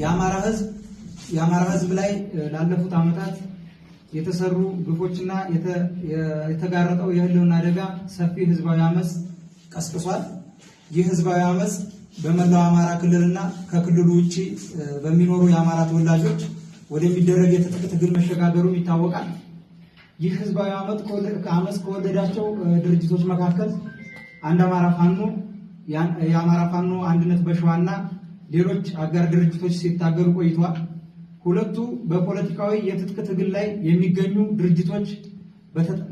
የአማራ ህዝብ የአማራ ህዝብ ላይ ላለፉት አመታት የተሰሩ ግፎችና የተጋረጠው የህልውና አደጋ ሰፊ ህዝባዊ አመፅ ቀስቅሷል። ይህ ህዝባዊ አመፅ በመላው አማራ ክልልና ከክልሉ ውጭ በሚኖሩ የአማራ ተወላጆች ወደሚደረግ የትጥቅ ትግል መሸጋገሩም ይታወቃል። ይህ ህዝባዊ አመፅ ከወለዳቸው ድርጅቶች መካከል አንድ አማራ ፋኖ፣ የአማራ ፋኖ አንድነት በሸዋና ሌሎች አጋር ድርጅቶች ሲታገሉ ቆይተዋል። ሁለቱ በፖለቲካዊ የትጥቅ ትግል ላይ የሚገኙ ድርጅቶች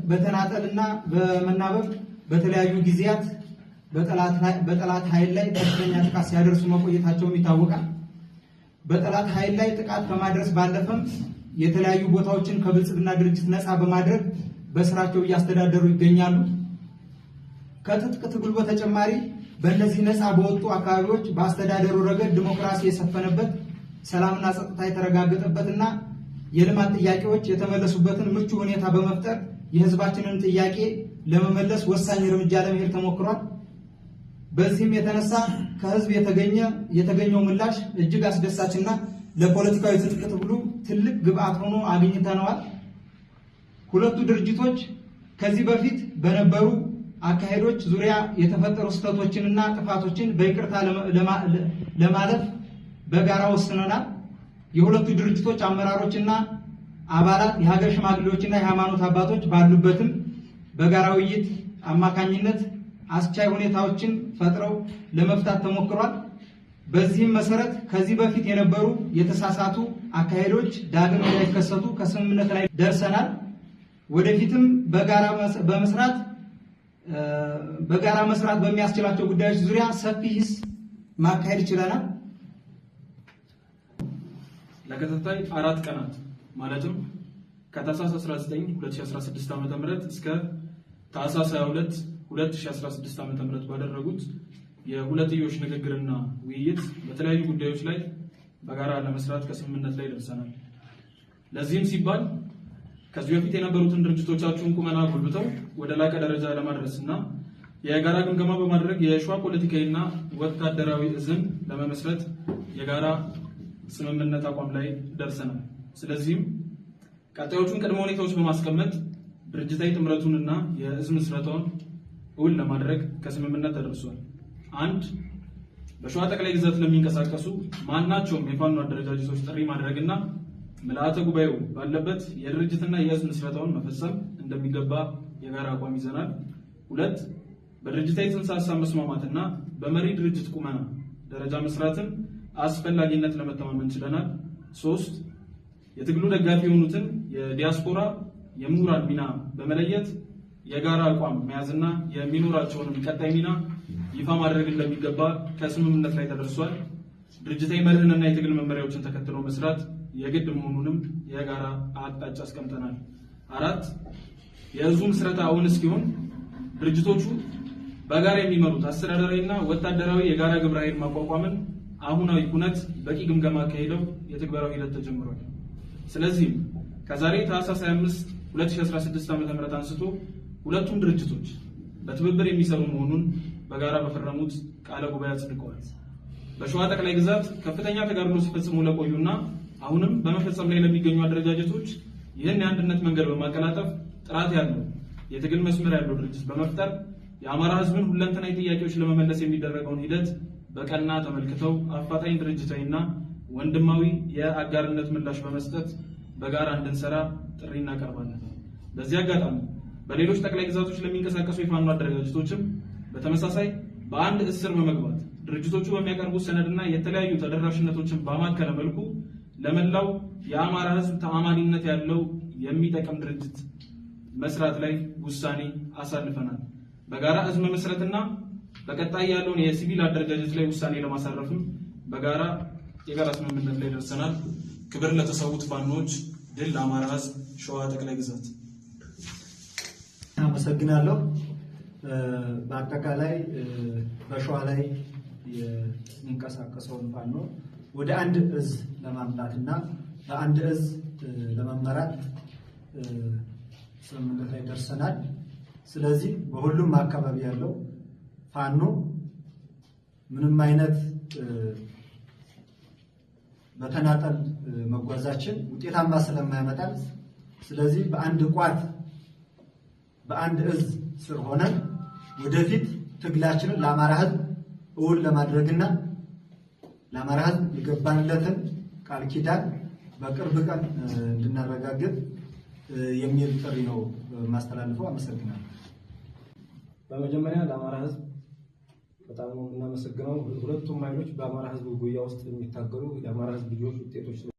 በተናጠልና በመናበብ በተለያዩ ጊዜያት በጠላት ኃይል ላይ ከፍተኛ ጥቃት ሲያደርሱ መቆየታቸውም ይታወቃል። በጠላት ኃይል ላይ ጥቃት ከማድረስ ባለፈም የተለያዩ ቦታዎችን ከብልጽግና ድርጅት ነፃ በማድረግ በስራቸው እያስተዳደሩ ይገኛሉ። ከትጥቅ ትግሉ በተጨማሪ በእነዚህ ነፃ በወጡ አካባቢዎች በአስተዳደሩ ረገድ ዲሞክራሲ የሰፈነበት ሰላምና ጸጥታ የተረጋገጠበትና የልማት ጥያቄዎች የተመለሱበትን ምቹ ሁኔታ በመፍጠር የህዝባችንን ጥያቄ ለመመለስ ወሳኝ እርምጃ ለመሄድ ተሞክሯል። በዚህም የተነሳ ከህዝብ የተገኘው ምላሽ እጅግ አስደሳችና ለፖለቲካዊ ትጥቅ ትግሉ ትልቅ ግብአት ሆኖ አግኝተነዋል። ሁለቱ ድርጅቶች ከዚህ በፊት በነበሩ አካሄዶች ዙሪያ የተፈጠሩ ስህተቶችንና ጥፋቶችን በይቅርታ ለማለፍ በጋራ ወስነናል። የሁለቱ ድርጅቶች አመራሮችና አባላት፣ የሀገር ሽማግሌዎችና የሃይማኖት አባቶች ባሉበትም በጋራ ውይይት አማካኝነት አስቻይ ሁኔታዎችን ፈጥረው ለመፍታት ተሞክሯል። በዚህም መሰረት ከዚህ በፊት የነበሩ የተሳሳቱ አካሄዶች ዳግም እንዳይከሰቱ ከስምምነት ላይ ደርሰናል። ወደፊትም በጋራ በመስራት በጋራ መስራት በሚያስችላቸው ጉዳዮች ዙሪያ ሰፊ ሂስ ማካሄድ ይችለናል። ለተከታታይ አራት ቀናት ማለትም ከታህሳስ 19 2016 ም እስከ ታህሳስ 22 2016 ም ባደረጉት የሁለትዮሽ ንግግርና ውይይት በተለያዩ ጉዳዮች ላይ በጋራ ለመስራት ከስምምነት ላይ ደርሰናል። ለዚህም ሲባል ከዚህ በፊት የነበሩትን ድርጅቶቻችሁን ቁመና ጎልብተው ወደ ላቀ ደረጃ ለማድረስ እና የጋራ ግምገማ በማድረግ የሸዋ ፖለቲካዊና ወታደራዊ እዝን ለመመስረት የጋራ ስምምነት አቋም ላይ ደርሰናል። ስለዚህም ቀጣዮቹን ቅድመ ሁኔታዎች በማስቀመጥ ድርጅታዊ ጥምረቱንና የእዝ ምስረታውን እውን ለማድረግ ከስምምነት ተደርሷል። አንድ በሸዋ ጠቅላይ ግዛት ለሚንቀሳቀሱ ማናቸውም የፋኖ አደረጃጀቶች ጥሪ ማድረግና ምልአተ ጉባኤው ባለበት የድርጅትና የህዝብ ምስረታውን መፈጸም እንደሚገባ የጋራ አቋም ይዘናል። ሁለት በድርጅታዊ ጽንሰ ሀሳብ መስማማትና በመሪ ድርጅት ቁመና ደረጃ መስራትን አስፈላጊነት ለመተማመን ችለናል። ሶስት የትግሉ ደጋፊ የሆኑትን የዲያስፖራ የምሁራን ሚና በመለየት የጋራ አቋም መያዝና የሚኖራቸውንም ቀጣይ ሚና ይፋ ማድረግ እንደሚገባ ከስምምነት ላይ ተደርሷል። ድርጅታዊ መርህንና የትግል መመሪያዎችን ተከትሎ መስራት የግድ መሆኑንም የጋራ አቅጣጫ አስቀምጠናል። አራት የህዝቡ ምስረታ እውን እስኪሆን ድርጅቶቹ በጋራ የሚመሩት አስተዳደራዊና ወታደራዊ የጋራ ግብረ ኃይል ማቋቋምን አሁናዊ ሁነት በቂ ግምገማ አካሄደው የትግበራዊ ሂደት ተጀምሯል። ስለዚህም ከዛሬ ታህሳስ 25 2016 ዓ.ም አንስቶ ሁለቱም ድርጅቶች በትብብር የሚሰሩ መሆኑን በጋራ በፈረሙት ቃለ ጉባኤ አጽድቀዋል። በሸዋ ጠቅላይ ግዛት ከፍተኛ ተጋድሎ ሲፈጽሙ ለቆዩና አሁንም በመፈጸም ላይ ለሚገኙ አደረጃጀቶች ይህን የአንድነት መንገድ በማቀላጠፍ ጥራት ያለው የትግል መስመር ያለው ድርጅት በመፍጠር የአማራ ህዝብን ሁለንተናዊ ጥያቄዎች ለመመለስ የሚደረገውን ሂደት በቀና ተመልክተው አፋጣኝ ድርጅታዊና ወንድማዊ የአጋርነት ምላሽ በመስጠት በጋራ እንድንሰራ ጥሪ እናቀርባለን። በዚህ አጋጣሚ በሌሎች ጠቅላይ ግዛቶች ለሚንቀሳቀሱ የፋኖ አደረጃጀቶችም በተመሳሳይ በአንድ እስር በመግባት ድርጅቶቹ በሚያቀርቡት ሰነድና የተለያዩ ተደራሽነቶችን በማከለ መልኩ ለመላው የአማራ ህዝብ ተአማኒነት ያለው የሚጠቅም ድርጅት መስራት ላይ ውሳኔ አሳልፈናል። በጋራ ህዝብ መመስረትና በቀጣይ ያለውን የሲቪል አደረጃጀት ላይ ውሳኔ ለማሳረፍም በጋራ የጋራ ስምምነት ላይ ደርሰናል። ክብር ለተሰዉት ፋኖች፣ ድል ለአማራ ህዝብ። ሸዋ ጠቅላይ ግዛት። አመሰግናለሁ። በአጠቃላይ በሸዋ ላይ የሚንቀሳቀሰውን ፋኖ ወደ አንድ እዝ እና በአንድ እዝ ለመመራት ስምምነት ላይ ደርሰናል። ስለዚህ በሁሉም አካባቢ ያለው ፋኖ ምንም አይነት በተናጠል መጓዛችን ውጤታማ ስለማያመጣል፣ ስለዚህ በአንድ ቋት በአንድ እዝ ስር ሆነን ወደፊት ትግላችንን ለአማራ ሕዝብ እውን ለማድረግና ለአማራ ህዝብ የገባንለትን ቃል ኪዳን በቅርብ ቀን እንድናረጋግጥ የሚል ጥሪ ነው የማስተላልፈው። አመሰግናለሁ። በመጀመሪያ ለአማራ ህዝብ በጣም ነው የምናመሰግነው። ሁለቱም ኃይሎች በአማራ ህዝብ ጉያ ውስጥ የሚታገሉ የአማራ ህዝብ ልጆች ውጤቶች